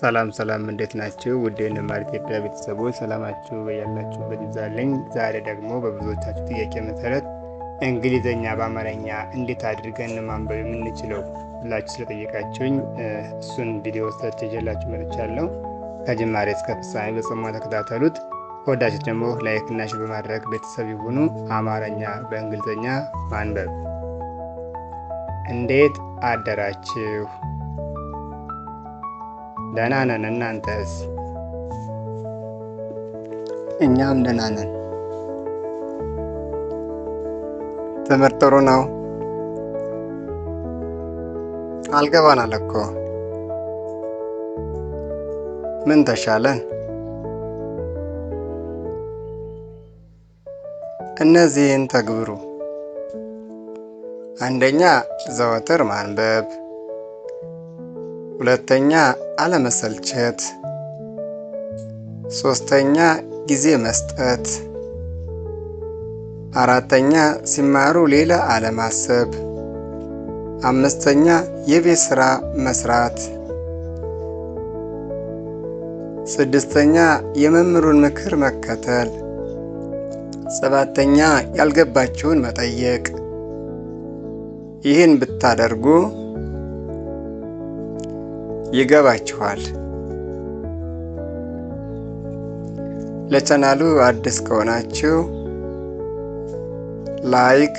ሰላም ሰላም፣ እንዴት ናችሁ? ውድ የንማር ኢትዮጵያ ቤተሰቦች ሰላማችሁ በያላችሁበት ይብዛልኝ። ዛሬ ደግሞ በብዙዎቻችሁ ጥያቄ መሰረት እንግሊዘኛ በአማርኛ እንዴት አድርገን ማንበብ የምንችለው ብላችሁ ስለጠየቃችሁኝ እሱን ቪዲዮ ሰርች ይዤላችሁ መጥቻለሁ። ከጅማሬ እስከ ፍጻሜ በጽሞ ተከታተሉት። ከወዳችሁ ደግሞ ላይክና ሼር በማድረግ ቤተሰብ ይሁኑ። አማርኛ በእንግሊዘኛ ማንበብ። እንዴት አደራችሁ? ደህና ነን። እናንተስ? እኛም ደህና ነን። ትምህርት ጥሩ ነው። አልገባናል እኮ ምን ተሻለን? እነዚህን ተግብሩ። አንደኛ ዘወትር ማንበብ ሁለተኛ አለመሰልቸት፣ ሶስተኛ ጊዜ መስጠት፣ አራተኛ ሲማሩ ሌላ አለማሰብ፣ አምስተኛ የቤት ስራ መስራት፣ ስድስተኛ የመምህሩን ምክር መከተል፣ ሰባተኛ ያልገባችሁን መጠየቅ። ይህን ብታደርጉ ይገባችኋል። ለቻናሉ አዲስ ከሆናችሁ ላይክ፣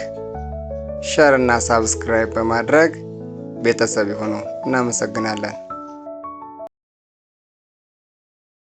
ሸር እና ሳብስክራይብ በማድረግ ቤተሰብ ይሁኑ። እናመሰግናለን።